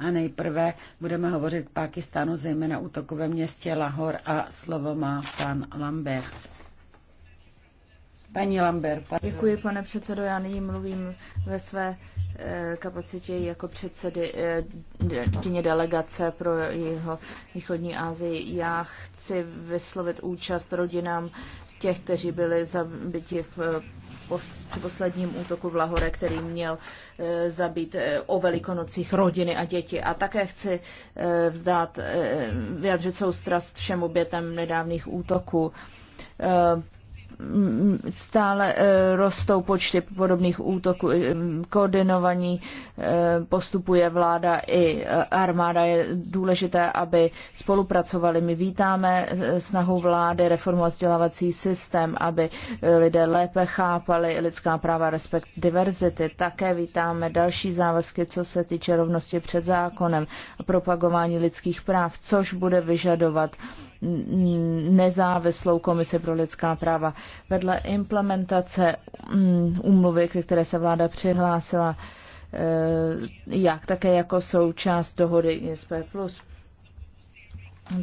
A nejprve budeme hovořit k Pákistánu, zejména útokovém městě Lahor a slovo má pan Lambert. Paní Lambert. Děkuji, pane předsedo. Já nyní mluvím ve své eh, kapacitě jako předsedy eh, delegace pro jeho východní Asii. Já chci vyslovit účast rodinám těch, kteří byli zabiti v eh, posledním útoku v Lahore, který měl eh, zabít o velikonocích rodiny a děti. A také chci vzdát, vyjadřit soustrast všem obětem nedávných útoků stále eh, rostou počty podobných útoků, eh, koordinovaní eh, postupuje vláda i armáda. Je důležité, aby spolupracovali. My vítáme snahu vlády reformovat vzdělávací systém, aby lidé lépe chápali lidská práva, respekt diverzity. Také vítáme další závazky, co se týče rovnosti před zákonem a propagování lidských práv, což bude vyžadovat nezávislou komisi pro lidská práva vedle implementace mm, úmluvy, které se vláda přihlásila, eh, jak také jako součást dohody ISP+.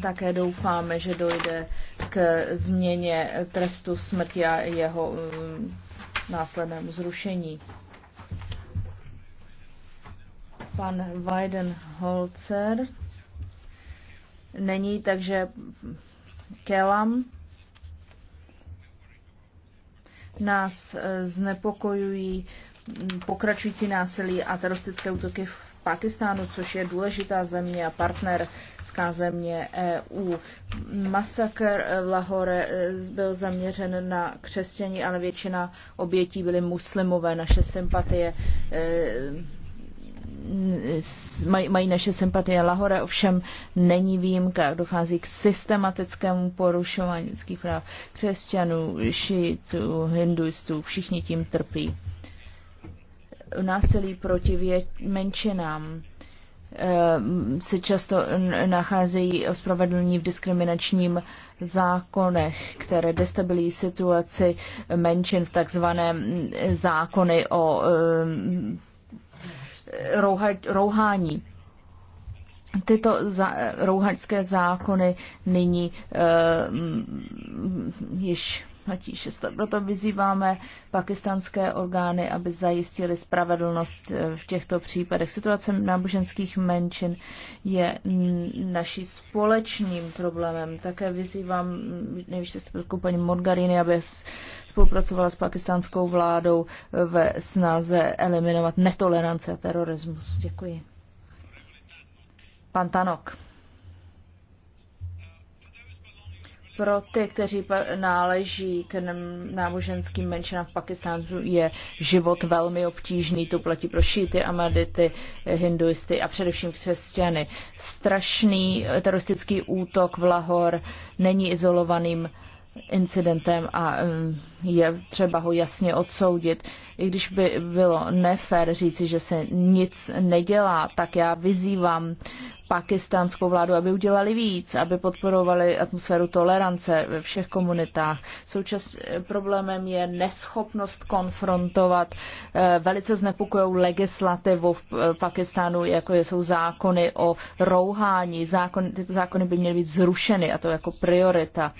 Také doufáme, že dojde k změně trestu smrti a jeho mm, následnému zrušení. Pan Weidenholzer není, takže Kelam nás eh, znepokojují mm, pokračující násilí a teroristické útoky v Pakistánu, což je důležitá země a partnerská země EU. Masakr v Lahore eh, byl zaměřen na křesťaní, ale většina obětí byly muslimové. Naše sympatie eh, mají, mají naše sympatie. Lahore ovšem není výjimka. Dochází k systematickému porušování lidských práv křesťanů, šitů, hinduistů. Všichni tím trpí. Násilí proti vě, menšinám eh, se často nacházejí ospravedlnění v diskriminačním zákonech, které destabilizují situaci menšin v takzvaném zákony o eh, rouha, rouhání. Tyto za, rouhačské zákony nyní uh, již platí 6 Proto vyzýváme pakistanské orgány, aby zajistili spravedlnost eh, v těchto případech. Situace náboženských menšin je naší společným problémem. Také vyzývám nejvyšší zastupitelku paní Morgarini, aby spolupracovala s pakistánskou vládou ve snaze eliminovat netolerance a terorismus. Děkuji. Pan Tanok. Pro ty, kteří náleží k náboženským menšinám v Pakistánu, je život velmi obtížný. To platí pro šíty, amadity, hinduisty a především křesťany. Strašný teroristický útok v Lahor není izolovaným uh, incidentem a eh, je třeba ho jasně odsoudit. I když by bylo nefér říci, že se nic nedělá, tak já vyzývám pakistánskou vládu, aby udělali víc, aby podporovali atmosféru tolerance ve všech komunitách. Součas eh, problémem je neschopnost konfrontovat eh, velice znepokojou legislativu v Pakistánu, jako jsou zákony o rouhání. Zákon, tyto zákony by měly být zrušeny a to jako priorita.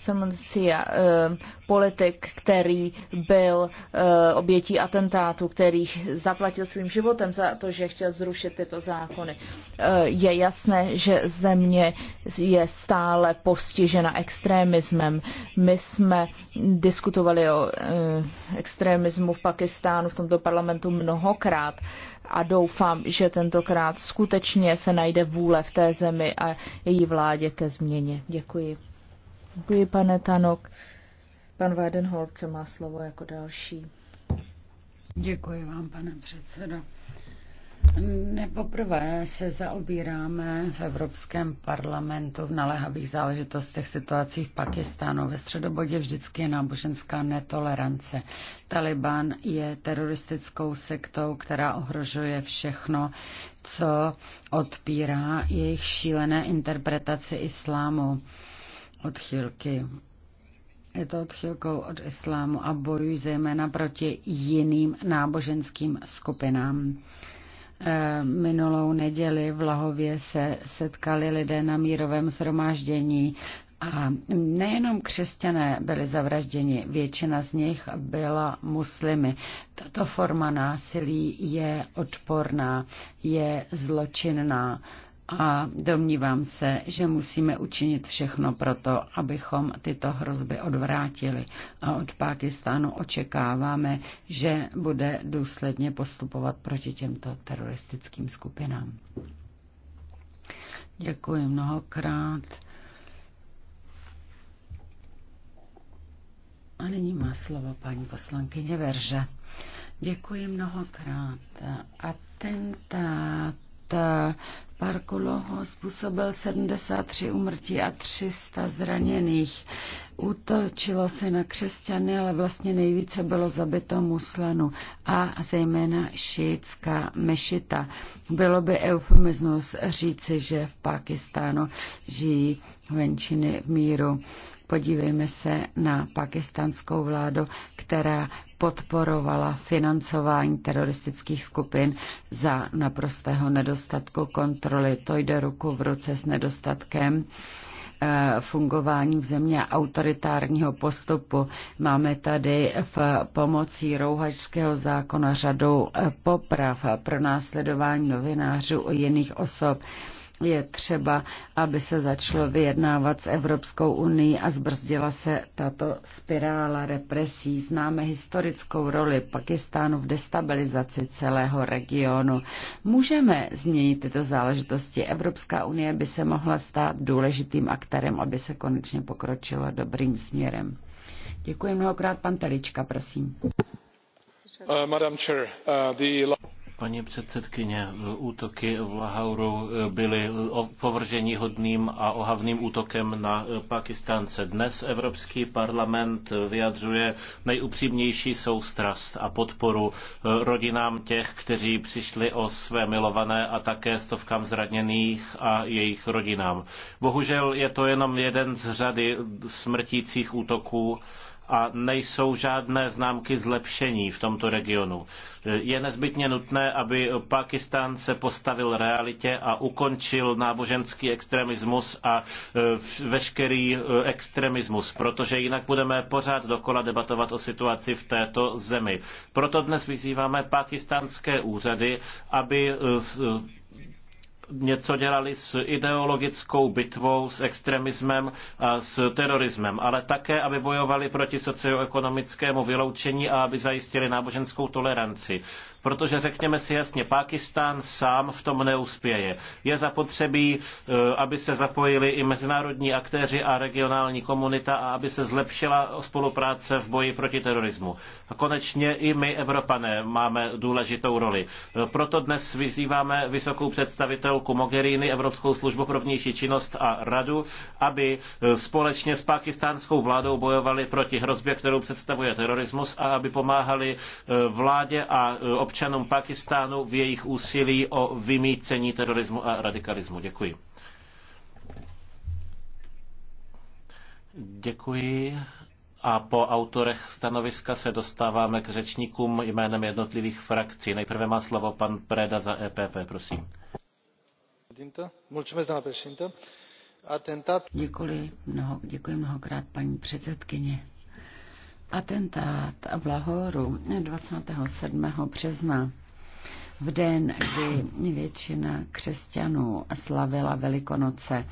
Samancia, eh, politik, který byl eh, obětí atentátu, který zaplatil svým životem za to, že chtěl zrušit tyto zákony. Eh, je jasné, že země je stále postižena extremismem. My jsme diskutovali o extremismu v Pakistánu v tomto parlamentu mnohokrát a doufám, že tentokrát skutečně se najde vůle v té zemi a její vládě ke změně. Děkuji. Děkuji, pane Tanok. Pan Weidenholzer má slovo jako další. Děkuji vám, pane předsedo. Nepoprvé se zaobíráme v Evropském parlamentu v naléhavých záležitostech situací v Pakistánu. Ve středobodě vždycky je náboženská netolerance. Taliban je teroristickou sektou, která ohrožuje všechno, co odpírá jejich šílené interpretaci islámu odchylky. Je to odchylkou od islámu a bojují zejména proti jiným náboženským skupinám. Eh, minulou neděli v Lahově se setkali lidé na mírovém zhromáždění a nejenom křesťané byli zavražděni, většina z nich byla muslimy. Tato forma násilí je odporná, je zločinná a domnívám se, že musíme učinit všechno pro to, abychom tyto hrozby odvrátili. A od Pákistánu očekáváme, že bude důsledně postupovat proti těmto teroristickým skupinám. Děkuji mnohokrát. A nyní má slovo paní poslankyně Verže. Děkuji mnohokrát. Atentát Parkolo Loho způsobil 73 umrtí a 300 zraněných. Útočilo se na křesťany, ale vlastně nejvíce bylo zabito muslanu a zejména šítská mešita. Bylo by eufemismus říci, že v Pakistánu žijí venčiny v míru. Podívejme se na pakistánskou vládu, která podporovala financování teroristických skupin za naprostého nedostatku kontroly. To jde ruku v ruce s nedostatkem eh, fungování v země autoritárního postupu. Máme tady v pomocí rouhačského zákona řadu eh, poprav pro následování novinářů o jiných osob je třeba, aby se začalo vyjednávat s Evropskou unii a zbrzdila se tato spirála represí. Známe historickou roli Pakistánu v destabilizaci celého regionu. Můžeme změnit tyto záležitosti. Evropská unie by se mohla stát důležitým aktérem, aby se konečně pokročilo dobrým směrem. Děkuji mnohokrát, pan Telička, prosím. Uh, Madam Chair, uh, the... Paní předsedkyně, útoky v Lahauru byly povržení hodným a ohavným útokem na Pakistánce. Dnes Evropský parlament vyjadřuje nejupřímnější soustrast a podporu rodinám těch, kteří přišli o své milované a také stovkám zraněných a jejich rodinám. Bohužel je to jenom jeden z řady smrtících útoků a nejsou žádné známky zlepšení v tomto regionu. Je nezbytně nutné, aby Pakistán se postavil realitě a ukončil náboženský extremismus a e, veškerý e, extremismus, protože jinak budeme pořád dokola debatovat o situaci v této zemi. Proto dnes vyzýváme pakistánské úřady, aby e, něco dělali s ideologickou bitvou, s extremismem a s terorismem, ale také, aby bojovali proti socioekonomickému vyloučení a aby zajistili náboženskou toleranci. Protože řekněme si jasně, Pákistán sám v tom neuspěje. Je zapotřebí, e, aby se zapojili i mezinárodní aktéři a regionální komunita a aby se zlepšila spolupráce v boji proti terorismu. A konečně i my, Evropané, máme důležitou roli. E, proto dnes vyzýváme vysokou představitelku Mogherini, Evropskou službu pro vnější činnost a radu, aby e, společně s pakistánskou vládou bojovali proti hrozbě, kterou představuje terorismus a aby pomáhali vládě a občanům občanům Pakistánu v jejich úsilí o vymícení terorismu a radikalismu. Děkuji. Děkuji. A po autorech stanoviska se dostáváme k řečníkům jménem jednotlivých frakcí. Nejprve má slovo pan Preda za EPP, prosím. Děkuji, mnoho, děkuji mnohokrát, paní předsedkyně. Atentát v Lahoru 27. března v den, kdy většina křesťanů slavila Velikonoce,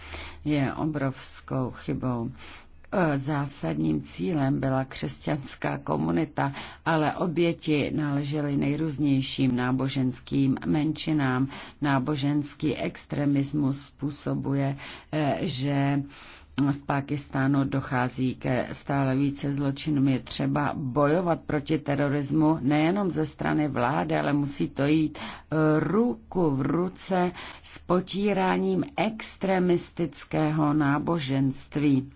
je obrovskou chybou. E, zásadním cílem byla křesťanská komunita, ale oběti náležely nejrůznějším náboženským menšinám. Náboženský extremismus způsobuje, e, že v Pákistánu dochází ke stále více zločinům. Je třeba bojovat proti terorismu nejenom ze strany vlády, ale musí to jít eh, ruku v ruce s potíráním extremistického náboženství.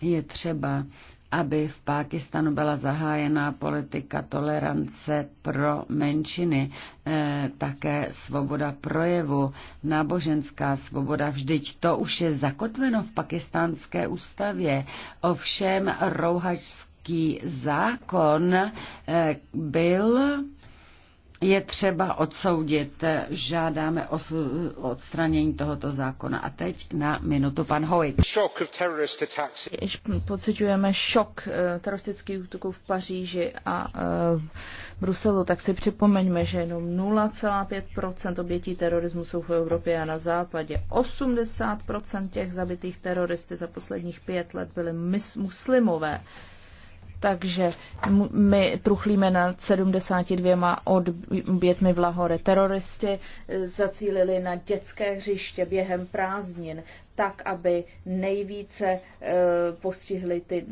Je třeba aby v Pákistanu byla zahájena politika tolerance pro menšiny, eh, také svoboda projevu, náboženská svoboda. Vždyť to už je zakotveno v pakistánské ústavě. Ovšem rouhačský zákon eh, byl je třeba odsoudit. Žádáme o odstranění tohoto zákona. A teď na minutu pan Hoyt. Pocitujeme šok eh, teroristických útoků v Paříži a eh, v Bruselu, tak si připomeňme, že jenom 0,5 obětí terorismu jsou v Evropě a na západě. 80 těch zabitých teroristy za posledních pět let byly muslimové. Takže my truchlíme nad 72 odbětmi v Lahore. Teroristi eh, zacílili na dětské hřiště během prázdnin tak, aby nejvíce eh, postihli ty,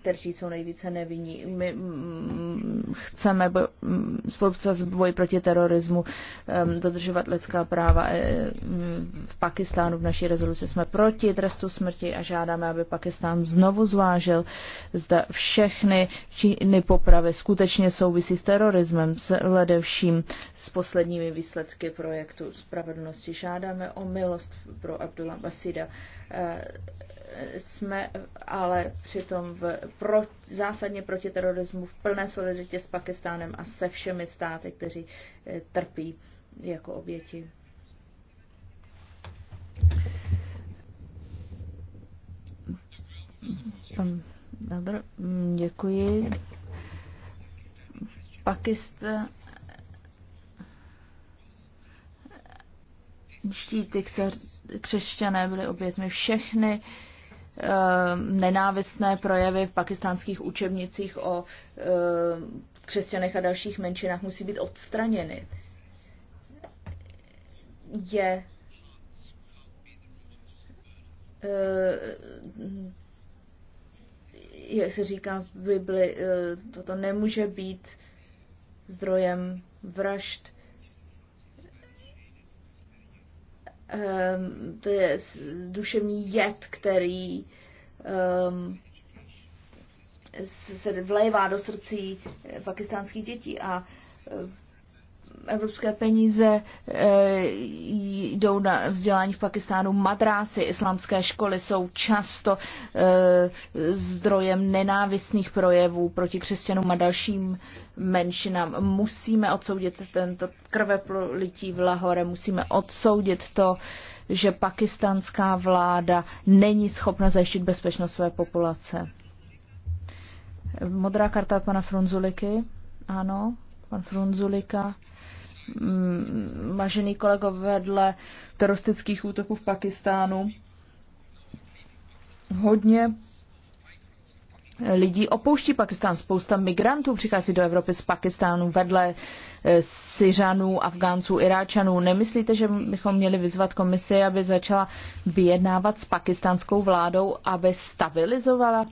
kteří jsou nejvíce nevinní. My mm, chceme mm, spolupce s boji proti terorismu ehm, dodržovat lidská práva. Eh, mm, v Pakistánu v naší rezoluci jsme proti trestu smrti a žádáme, aby Pakistán znovu zvážil, zda všechny činy popravy skutečně souvisí s terorismem, s ledevším s posledními výsledky projektu spravedlnosti. Žádáme o milost pro Abdullah Basida Eh, jsme ale přitom v pro, zásadně proti terorismu v plné solidaritě s Pakistánem a se všemi státy, kteří eh, trpí jako oběti. Pan Belder, mm, děkuji. Pakistán. štítech se křesťané byli obětmi všechny eh, nenávistné projevy v pakistánských učebnicích o eh, křesťanech a dalších menšinách musí být odstraněny. Je eh, jak se říká v Bibli, toto nemůže být zdrojem vražd. um, to je duševní jed, který um, se vlévá do srdcí eh, pakistánských dětí. A eh, evropské peníze eh, jdou na vzdělání v Pakistánu. Madrásy, islámské školy jsou často eh, zdrojem nenávistných projevů proti křesťanům a dalším menšinám. Musíme odsoudit tento krveplití v Lahore, musíme odsoudit to, že pakistánská vláda není schopna zajištit bezpečnost své populace. Modrá karta pana Frunzuliky. Ano, pan Frunzulika. Mm, vážený kolego, vedle teroristických útoků v Pakistánu hodně lidí opouští Pakistán. Spousta migrantů přichází do Evropy z Pakistánu vedle eh, Syřanů, Afgánců, Iráčanů. Nemyslíte, že bychom měli vyzvat komisi, aby začala vyjednávat s pakistánskou vládou, aby stabilizovala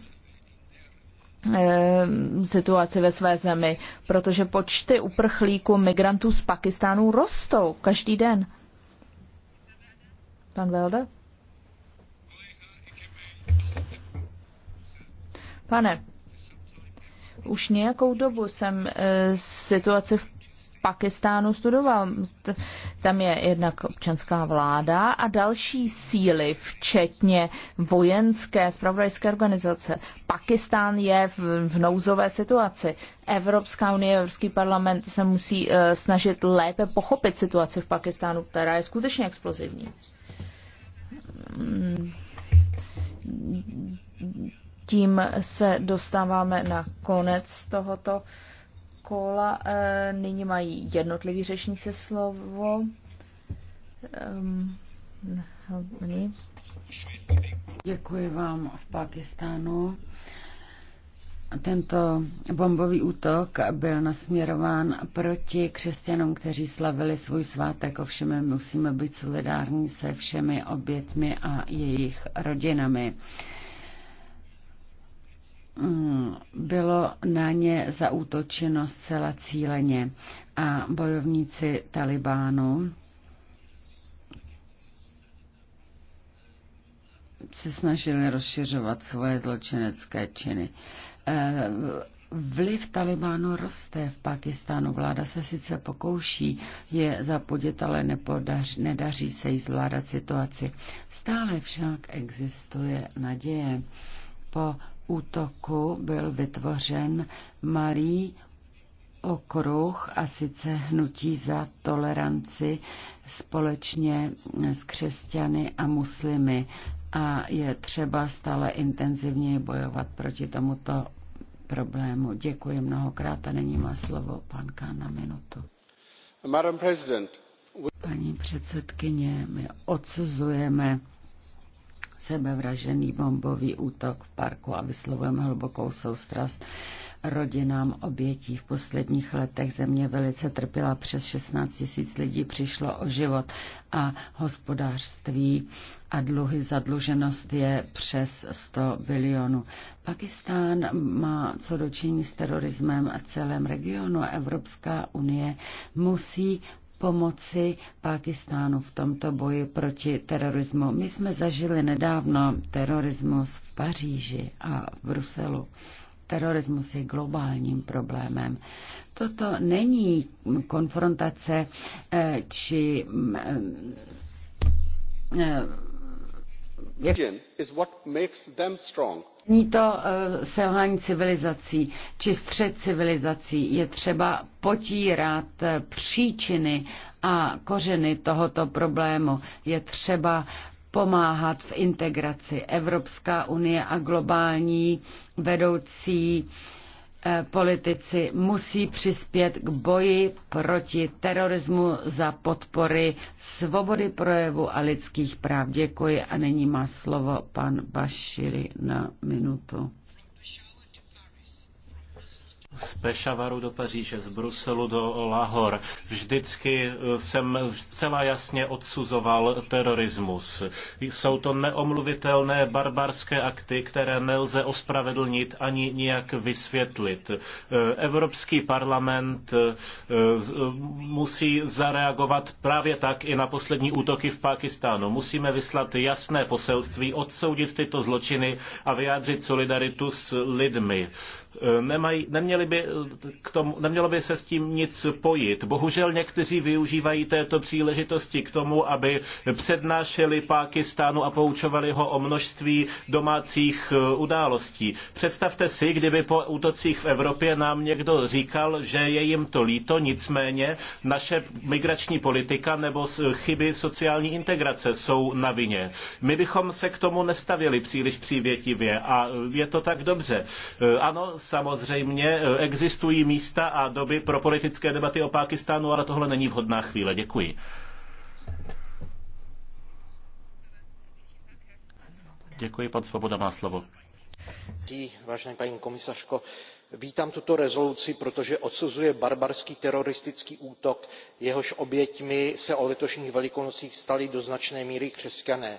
Eh, situaci ve své zemi, protože počty uprchlíků migrantů z Pakistánu rostou každý den. Pan Velde? Pane, už nějakou dobu jsem e, situaci v Pakistánu studoval. Tam je jednak občanská vláda a další síly, včetně vojenské spravodajské organizace. Pakistán je v, v nouzové situaci. Evropská unie, Evropský parlament se musí uh, snažit lépe pochopit situaci v Pakistánu, která je skutečně explozivní. Tím se dostáváme na konec tohoto uh, kola e, eh, nyní mají jednotlivý řečník se slovo. Um, ehm, ne, Děkuji vám v Pakistánu. Tento bombový útok byl nasměrován proti křesťanům, kteří slavili svůj svátek. Ovšem musíme být solidární se všemi obětmi a jejich rodinami. Mm, bylo na ně zaútočeno zcela cíleně a bojovníci Talibánu se snažili rozšiřovat svoje zločinecké činy. Eh, vliv Talibánu roste v Pakistánu. Vláda se sice pokouší je zapodět, ale nepodař, nedaří se jí zvládat situaci. Stále však existuje naděje. Po útoku byl vytvořen malý okruh a sice hnutí za toleranci společně s křesťany a muslimy a je třeba stále intenzivněji bojovat proti tomuto problému. Děkuji mnohokrát a není má slovo panka na minutu. Paní předsedkyně, my odsuzujeme sebevražený bombový útok v parku a vyslovujeme hlubokou soustrast rodinám obětí. V posledních letech země velice trpěla, přes 16 tisíc lidí přišlo o život a hospodářství a dluhy zadluženost je přes 100 bilionů. Pakistán má co dočinit s terorismem v celém regionu. Evropská unie musí pomoci Pákistánu v tomto boji proti terorismu. My jsme zažili nedávno terorismus v Paříži a v Bruselu. Terorismus je globálním problémem. Toto není konfrontace eh, či eh, eh, jak... is what makes them strong Není to eh, selhání civilizací či střed civilizací. Je třeba potírat eh, příčiny a kořeny tohoto problému. Je třeba pomáhat v integraci. Evropská unie a globální vedoucí Eh, politici musí přispět k boji proti terorismu za podpory svobody projevu a lidských práv. Děkuji a nyní má slovo pan Baširi na minutu z Pešavaru do Paříže, z Bruselu do Lahor. Vždycky jsem zcela jasně odsuzoval terorismus. Jsou to neomluvitelné barbarské akty, které nelze ospravedlnit ani nijak vysvětlit. Evropský parlament eh, eh, musí zareagovat právě tak i na poslední útoky v Pákistánu. Musíme vyslat jasné poselství, odsoudit tyto zločiny a vyjádřit solidaritu s lidmi. Nemají, neměli by k tomu, nemělo by se s tím nic pojit. Bohužel někteří využívají této příležitosti k tomu, aby přednášeli Pákistánu a poučovali ho o množství domácích eh, událostí. Představte si, kdyby po útocích v Evropě nám někdo říkal, že je jim to líto, nicméně naše migrační politika nebo chyby sociální integrace jsou na vině. My bychom se k tomu nestavili příliš přívětivě a je to tak dobře. Eh, ano, Samozřejmě eh, existují místa a doby pro politické debaty o Pákistánu, ale tohle není vhodná chvíle. Děkuji. Děkuji, pan Svoboda má slovo. Vážená paní komisařko, vítám tuto rezoluci protože odsuzuje barbarský teroristický útok jehož oběťmi se o letošních velikonocích stali do značné míry křesťané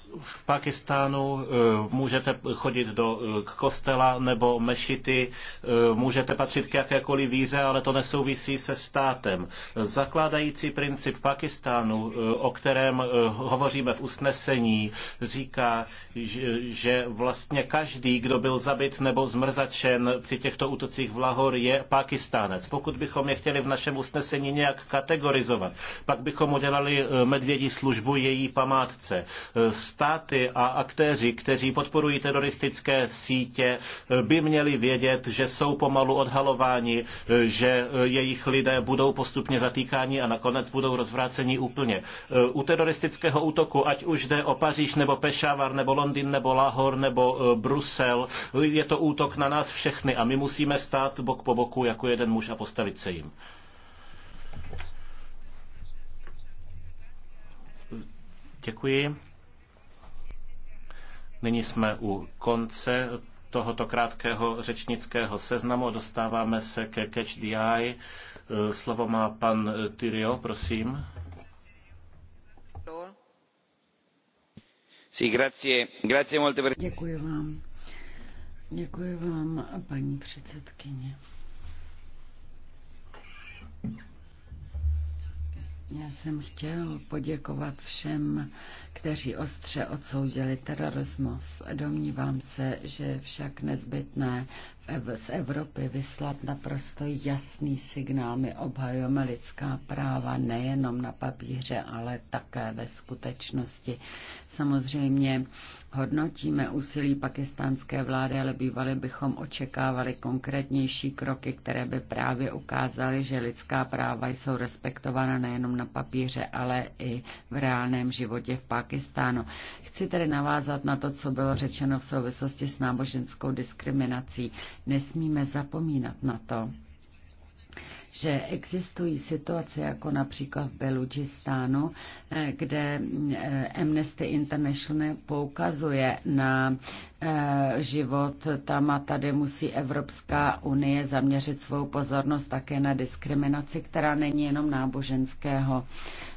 v Pakistánu eh, můžete chodit do eh, kostela nebo mešity, eh, můžete patřit k jakékoliv víře, ale to nesouvisí se státem. Zakládající princip Pakistánu, o kterém hovoříme v usnesení, říká, že vlastně každý, kdo byl zabit nebo zmrzačen při těchto útocích v Lahor, je Pakistánec. Pokud bychom je chtěli v našem usnesení nějak kategorizovat, pak bychom udělali medvědí službu její památce státy a aktéři, kteří podporují teroristické sítě, by měli vědět, že jsou pomalu odhalováni, že jejich lidé budou postupně zatýkáni a nakonec budou rozvráceni úplně. U teroristického útoku, ať už jde o Paříž nebo Pešávar nebo Londýn nebo Lahor nebo eh, Brusel, je to útok na nás všechny a my musíme stát bok po boku jako jeden muž a postavit se jim. Děkuji. Nyní jsme u konce tohoto krátkého řečnického seznamu. Dostáváme se ke Catch the Eye. Eh, slovo má pan eh, Tyrio, prosím. Děkuji vám. Děkuji vám, paní předsedkyně. Já jsem chtěl poděkovat všem, kteří ostře odsoudili terorismus. Domnívám se, že však nezbytné z Evropy vyslat naprosto jasný signál. My obhajujeme lidská práva nejenom na papíře, ale také ve skutečnosti. Samozřejmě hodnotíme úsilí pakistánské vlády, ale bývali bychom očekávali konkrétnější kroky, které by právě ukázaly, že lidská práva jsou respektována nejenom na papíře, ale i v reálném životě v Pakistánu. Chci tedy navázat na to, co bylo řečeno v souvislosti s náboženskou diskriminací. Nesmíme zapomínat na to, že existují situace jako například v Beludžistánu, eh, kde eh, Amnesty International poukazuje na eh, život tam a tady musí Evropská unie zaměřit svou pozornost také na diskriminaci, která není jenom náboženského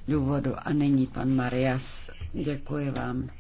důvodu. A není pan Marias. Děkuji vám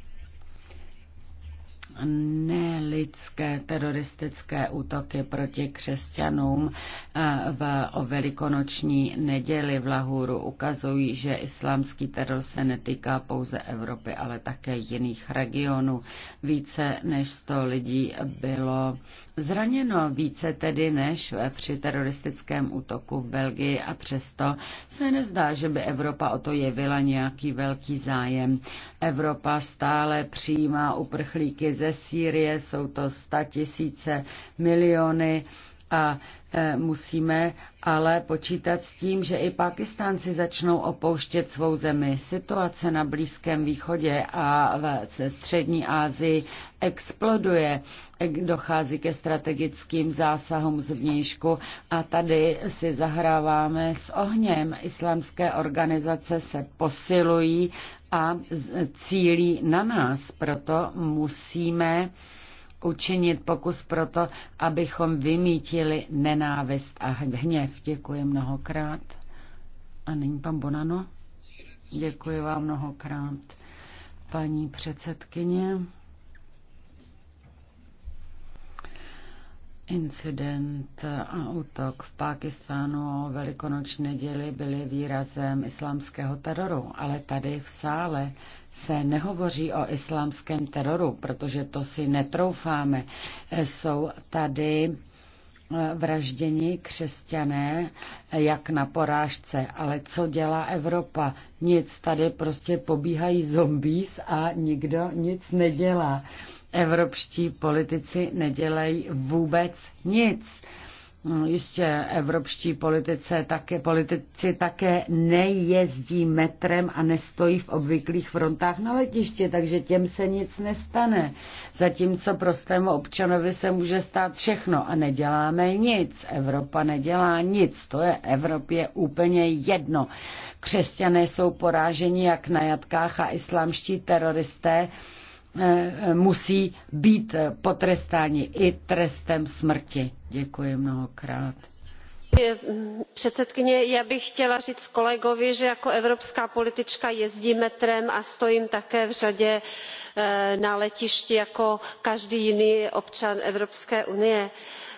nelidské teroristické útoky proti křesťanům eh, v, o velikonoční neděli v Lahůru ukazují, že islámský teror se netýká pouze Evropy, ale také jiných regionů. Více než 100 lidí bylo zraněno, více tedy než při teroristickém útoku v Belgii a přesto se nezdá, že by Evropa o to jevila nějaký velký zájem. Evropa stále přijímá uprchlíky ze ze Sýrie, jsou to sta tisíce miliony a e, musíme ale počítat s tím, že i Pakistánci začnou opouštět svou zemi. Situace na Blízkém východě a ve střední Asii exploduje, dochází ke strategickým zásahům z vnějšku a tady si zahráváme s ohněm. Islámské organizace se posilují a cílí na nás, proto musíme učinit pokus proto, abychom vymítili nenávist a hněv. Děkuji mnohokrát. A nyní pan Bonano. Děkuji vám mnohokrát, paní předsedkyně. Incident a útok v Pákistánu o velikonoční neděli byly výrazem islámského teroru, ale tady v sále se nehovoří o islámském teroru, protože to si netroufáme. Jsou tady eh, vražděni křesťané eh, jak na porážce. Ale co dělá Evropa? Nic, tady prostě pobíhají zombies a nikdo nic nedělá. Evropští politici nedělají vůbec nic. No, jistě evropští politice také, politici také nejezdí metrem a nestojí v obvyklých frontách na letiště, takže těm se nic nestane. Zatímco prostému občanovi se může stát všechno a neděláme nic. Evropa nedělá nic, to je Evropě úplně jedno. Křesťané jsou poráženi jak na jatkách a islámští teroristé Eh, eh, musí být potrestáni i trestem smrti. Děkuji mnohokrát eh, předsedkyně já bych chtěla říct kolegovi že jako evropská politička jezdím metrem a stojím také v řadě na letišti jako každý jiný občan evropské unie.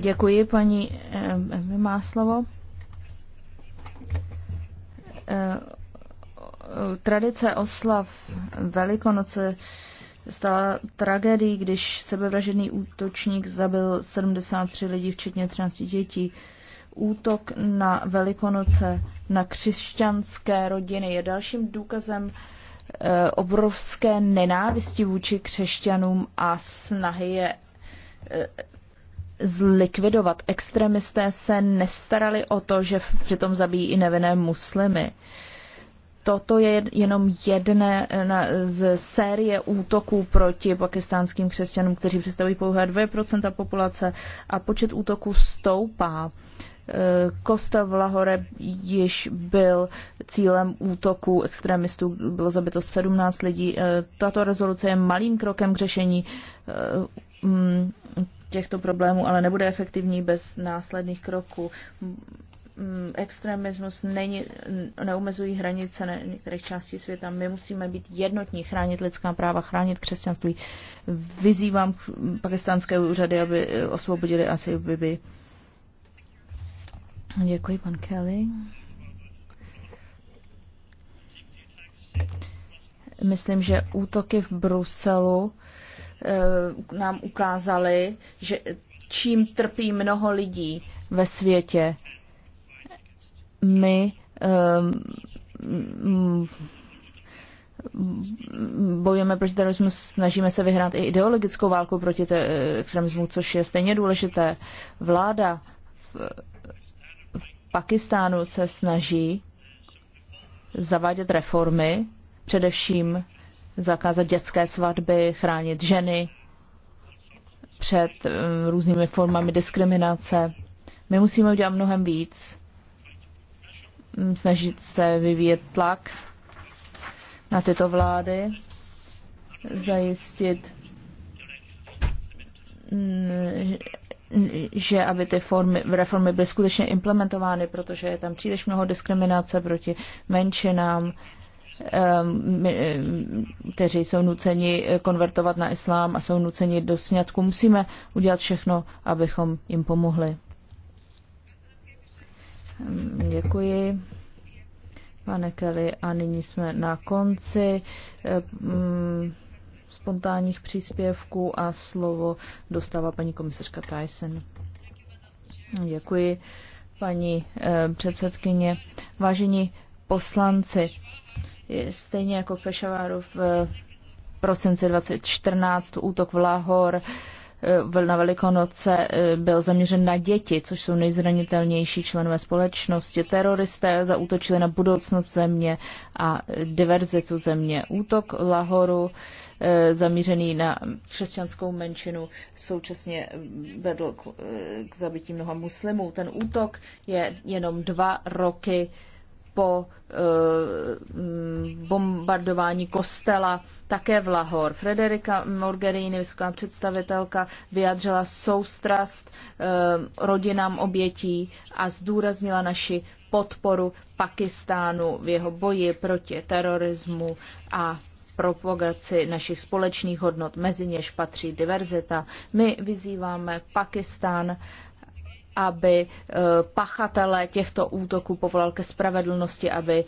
Děkuji, paní eh, eh, eh, Tradice oslav Velikonoce stala tragédií, když sebevražedný útočník zabil 73 lidí, včetně 13 dětí. Útok na Velikonoce na křesťanské rodiny je dalším důkazem Eh, obrovské nenávisti vůči křesťanům a snahy je eh, zlikvidovat. Extremisté se nestarali o to, že přitom zabijí i nevinné muslimy. Toto je jenom jedné eh, z série útoků proti pakistánským křesťanům, kteří představují pouhé 2% populace a počet útoků stoupá. Kosta Lahore, již byl cílem útoku extremistů, bylo zabito 17 lidí. Eh, tato rezoluce je malým krokem k řešení eh, mm, těchto problémů, ale nebude efektivní bez následných kroků. Mm, extremismus není, neumezují hranice na některých částí světa. My musíme být jednotní, chránit lidská práva, chránit křesťanství. Vyzývám pakistánské úřady, aby eh, osvobodili asi Bibi. Děkuji, pan Kelly. Myslím, že útoky v Bruselu eh, nám ukázaly, že čím trpí mnoho lidí ve světě. My eh, bojujeme proti terorismu, snažíme se vyhrát i ideologickou válku proti eh, extremismu, což je stejně důležité. Vláda Pakistánu se snaží zavádět reformy, především zakázat dětské svatby, chránit ženy před eh, různými formami diskriminace. My musíme udělat mnohem víc, hm, snažit se vyvíjet tlak na tyto vlády, zajistit hm, že aby ty formy, reformy byly skutečně implementovány, protože je tam příliš mnoho diskriminace proti menšinám, ehm, ehm, kteří jsou nuceni konvertovat na islám a jsou nuceni do sňatku. Musíme udělat všechno, abychom jim pomohli. Ehm, děkuji. Pane Kelly, a nyní jsme na konci spontánních příspěvků a slovo dostává paní komisařka Tyson. Děkuji, paní eh, předsedkyně. Vážení poslanci, stejně jako Pešaváru v eh, prosinci 2014 útok v Lahor, eh, na Velikonoce byl zaměřen na děti, což jsou nejzranitelnější členové společnosti. Teroristé zaútočili na budoucnost země a diverzitu země. Útok Lahoru Eh, zamířený na křesťanskou menšinu, současně mm, vedl k, eh, k zabití mnoha muslimů. Ten útok je jenom dva roky po eh, mm, bombardování kostela také v Lahor. Frederika Morgerini, vysoká představitelka, vyjadřila soustrast rodinám obětí a zdůraznila naši podporu Pakistánu v jeho boji proti terorismu a propagaci našich společných hodnot, mezi něž patří diverzita. My vyzýváme Pakistán, aby eh, pachatele těchto útoků povolal ke spravedlnosti, aby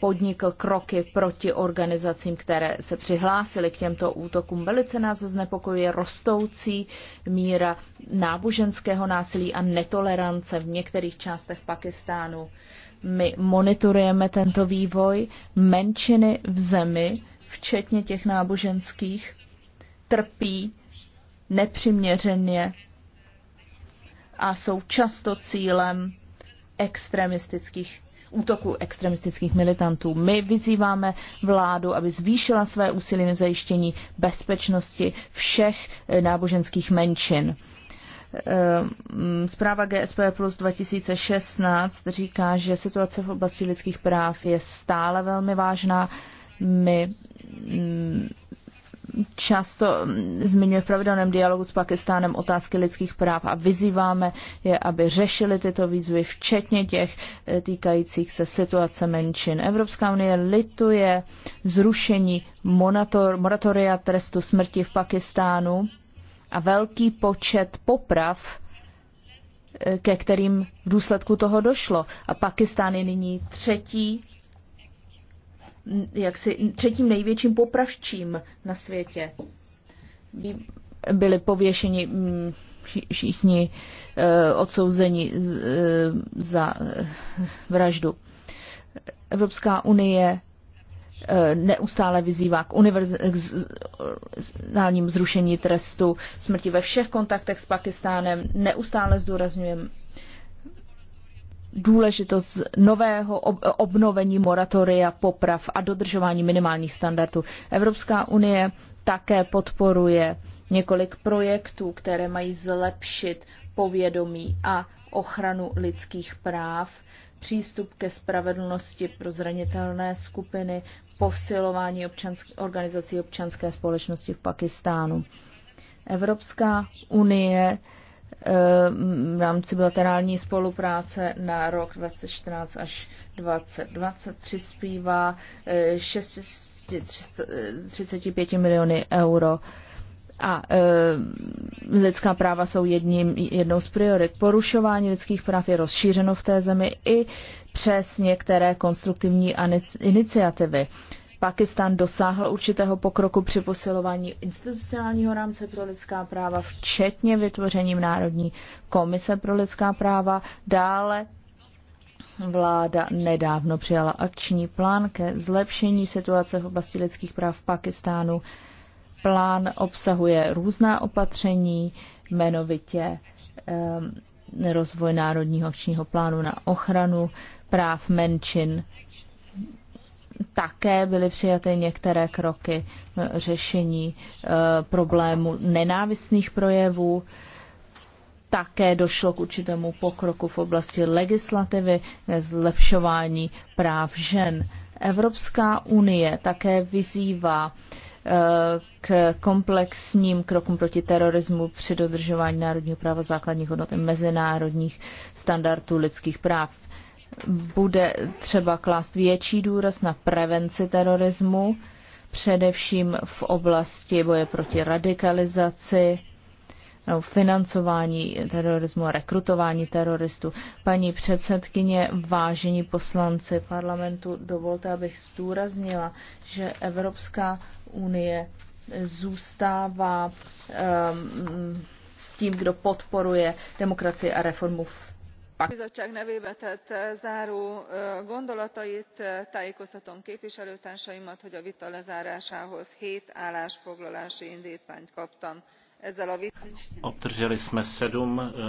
podnikl kroky proti organizacím, které se přihlásily k těmto útokům. Velice nás znepokojuje rostoucí míra náboženského násilí a netolerance v některých částech Pakistánu. My monitorujeme tento vývoj menšiny v zemi, včetně těch náboženských, trpí nepřiměřeně a jsou často cílem extremistických útoků extremistických militantů. My vyzýváme vládu, aby zvýšila své úsilí na zajištění bezpečnosti všech eh, náboženských menšin. Eh, zpráva GSP plus 2016 říká, že situace v oblasti lidských práv je stále velmi vážná. My mm, často mm, zmiňuje v pravidelném dialogu s Pakistánem otázky lidských práv a vyzýváme je, aby řešili tyto výzvy, včetně těch eh, týkajících se situace menšin. Evropská unie lituje zrušení monator, moratoria trestu smrti v Pakistánu a velký počet poprav eh, ke kterým v důsledku toho došlo. A Pakistán je nyní třetí jaksi třetím největším popravčím na světě. Byli pověšeni mm, všichni eh, odsouzeni eh, za eh, vraždu. Evropská unie neustále vyzývá k univerzálním zrušení trestu smrti ve všech kontaktech s Pakistánem. Neustále zdůrazňujeme důležitost nového obnovení moratoria poprav a dodržování minimálních standardů. Evropská unie také podporuje několik projektů, které mají zlepšit povědomí a ochranu lidských práv, přístup ke spravedlnosti pro zranitelné skupiny, posilování občanský, organizací občanské společnosti v Pakistánu. Evropská unie v rámci bilaterální spolupráce na rok 2014 až 2020 přispívá 635 eh, miliony euro a e, lidská práva jsou jedním, jednou z priorit. Porušování lidských práv je rozšířeno v té zemi i přes některé konstruktivní iniciativy. Pakistan dosáhl určitého pokroku při posilování institucionálního rámce pro lidská práva, včetně vytvořením Národní komise pro lidská práva. Dále vláda nedávno přijala akční plán ke zlepšení situace v oblasti lidských práv v Pakistánu. Plán obsahuje různá opatření, jmenovitě um, rozvoj Národního akčního plánu na ochranu práv menšin také byly přijaty některé kroky e, řešení e, problému nenávistných projevů. Také došlo k určitému pokroku v oblasti legislativy, e, zlepšování práv žen. Evropská unie také vyzývá k komplexním krokům proti terorismu při dodržování národního práva základních hodnot a mezinárodních standardů lidských práv bude třeba klást větší důraz na prevenci terorismu, především v oblasti boje proti radikalizaci, no, financování terorismu a rekrutování teroristů. Paní předsedkyně, vážení poslanci parlamentu, dovolte, abych zdůraznila, že Evropská unie zůstává um, tím, kdo podporuje demokracii a reformu v a bizottság nevében tett eh, záró eh, gondolatait eh, tájékoztatom képviselőtársaimat hogy a vita lezárásához hét állásfoglalási indtványt kaptam. ezzel a vita. obdrželi